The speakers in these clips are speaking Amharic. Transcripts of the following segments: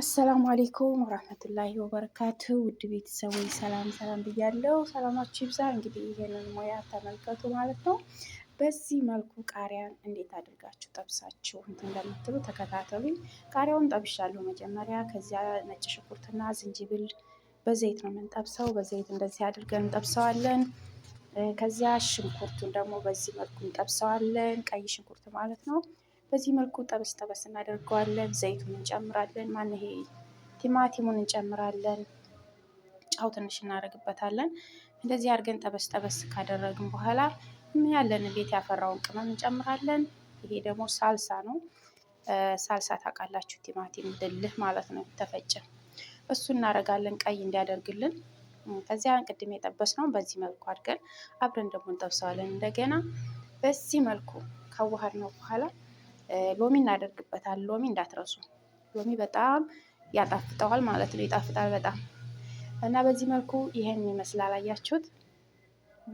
አሰላሙ አሌይኩም ወራህመቱላሂ ወበረካቱ ውድ ቤተሰቦች ሰላም ሰላም ብያለው። ሰላማችሁ ይብዛ። እንግዲህ ይሄንን ሙያ ተመልከቱ ማለት ነው። በዚህ መልኩ ቃሪያን እንዴት አድርጋችሁ ጠብሳችሁ እንትን እንደምትሉ ተከታተሉኝ። ቃሪያውን ጠብሻለሁ መጀመሪያ። ከዚያ ነጭ ሽንኩርትና ዝንጅብል በዘይት ነው የምንጠብሰው። በዘይት እንደዚህ አድርገን እንጠብሰዋለን። ከዚያ ሽንኩርቱን ደግሞ በዚህ መልኩ እንጠብሰዋለን። ቀይ ሽንኩርት ማለት ነው። በዚህ መልኩ ጠበስ ጠበስ እናደርገዋለን። ዘይቱን እንጨምራለን። ማን ይሄ ቲማቲሙን እንጨምራለን። ጫው ትንሽ እናደርግበታለን። እንደዚህ አድርገን ጠበስ ጠበስ ካደረግን በኋላ ያለን ቤት ያፈራውን ቅመም እንጨምራለን። ይሄ ደግሞ ሳልሳ ነው። ሳልሳ ታውቃላችሁ፣ ቲማቲም ድልህ ማለት ነው፣ ተፈጨ። እሱ እናደርጋለን ቀይ እንዲያደርግልን። ከዚያ ቅድም ነው በዚህ መልኩ አድርገን አብረን ደግሞ እንጠብሰዋለን። እንደገና በዚህ መልኩ ካዋሃድ ነው በኋላ ሎሚ እናደርግበታል። ሎሚ እንዳትረሱ፣ ሎሚ በጣም ያጣፍጠዋል ማለት ነው። ይጣፍጣል በጣም እና በዚህ መልኩ ይሄን ይመስላል። አያችሁት?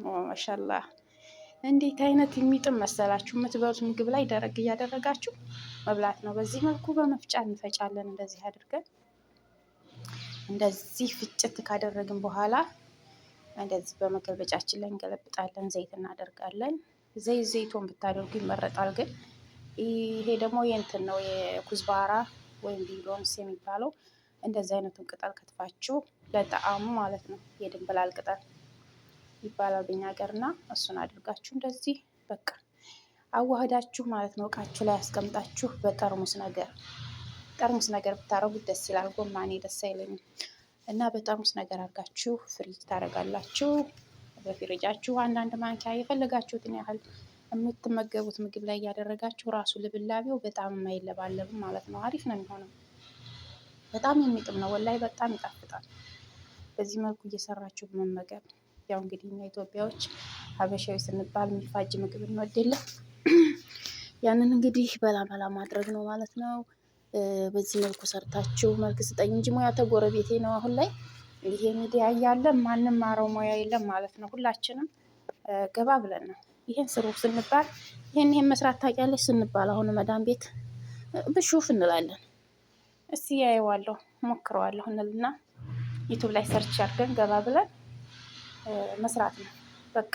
ማሻላ እንዴት አይነት የሚጥም መሰላችሁ! የምትበሉት ምግብ ላይ ደረግ እያደረጋችሁ መብላት ነው። በዚህ መልኩ በመፍጫ እንፈጫለን። እንደዚህ አድርገን እንደዚህ ፍጭት ካደረግን በኋላ እንደዚህ በመገልበጫችን ላይ እንገለብጣለን። ዘይት እናደርጋለን። ዘይት ዘይቶን ብታደርጉ ይመረጣል ግን ይሄ ደግሞ የእንትን ነው የኩዝባራ ወይም ቢሎንስ የሚባለው እንደዚህ አይነቱን ቅጠል ከትፋችሁ ለጣዕሙ ማለት ነው የድንብላል ቅጠል ይባላል በኛ ሀገር እና እሱን አድርጋችሁ እንደዚህ በቃ አዋህዳችሁ ማለት ነው እቃችሁ ላይ አስቀምጣችሁ በጠርሙስ ነገር ጠርሙስ ነገር ብታረጉት ደስ ይላል። ጎማኔ ደስ አይለኝም እና በጠርሙስ ነገር አድርጋችሁ ፍሪጅ ታደርጋላችሁ። በፍሪጃችሁ አንዳንድ ማንኪያ የፈለጋችሁትን ያህል የምትመገቡት ምግብ ላይ እያደረጋችሁ ራሱ ልብላቤው በጣም የማይለባለብ ማለት ነው። አሪፍ ነው የሚሆነው። በጣም የሚጥም ነው ወላይ በጣም ይጣፍጣል። በዚህ መልኩ እየሰራችሁ መመገብ ያው እንግዲህ እኛ ኢትዮጵያዎች ሀበሻዊ ስንባል የሚፋጅ ምግብ እንወደለን። ያንን እንግዲህ በላ በላ ማድረግ ነው ማለት ነው። በዚህ መልኩ ሰርታችሁ መልክ ስጠኝ እንጂ ሙያ ተጎረቤቴ ነው። አሁን ላይ ይሄ ሚዲያ እያለ ማንም ማረው ሙያ የለም ማለት ነው። ሁላችንም ገባ ብለን ነው ይሄን ስሩ ስንባል ይሄን ይሄን መስራት ታውቂያለሽ ስንባል አሁን መዳም ቤት ብሹፍ እንላለን። እስቲ ያየዋለሁ ሞክረዋለሁ እንልና ዩቱብ ላይ ሰርች አድርገን ገባ ብለን መስራት ነው በቃ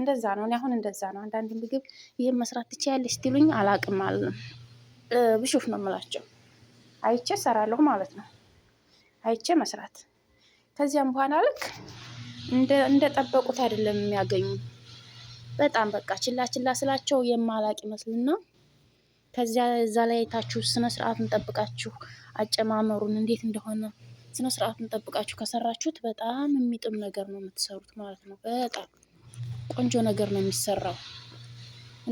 እንደዛ ነው። እኔ አሁን እንደዛ ነው። አንዳንድ ምግብ ይህን መስራት ትችያለሽ ትሉኝ አላቅም አለም ብሹፍ ነው የምላቸው። አይቼ ሰራለሁ ማለት ነው። አይቼ መስራት ከዚያም በኋላ ልክ እንደጠበቁት አይደለም የሚያገኙ በጣም በቃ ችላ ችላ ስላቸው የማላቅ ይመስልና ከዚያ እዛ ላይ የታችሁ ስነ ስርዓቱን ጠብቃችሁ አጨማመሩን እንዴት እንደሆነ ስነ ስርዓቱን ጠብቃችሁ ከሰራችሁት በጣም የሚጥም ነገር ነው የምትሰሩት ማለት ነው። በጣም ቆንጆ ነገር ነው የሚሰራው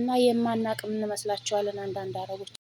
እና የማናቅ የምንመስላቸዋለን አንዳንድ አረቦች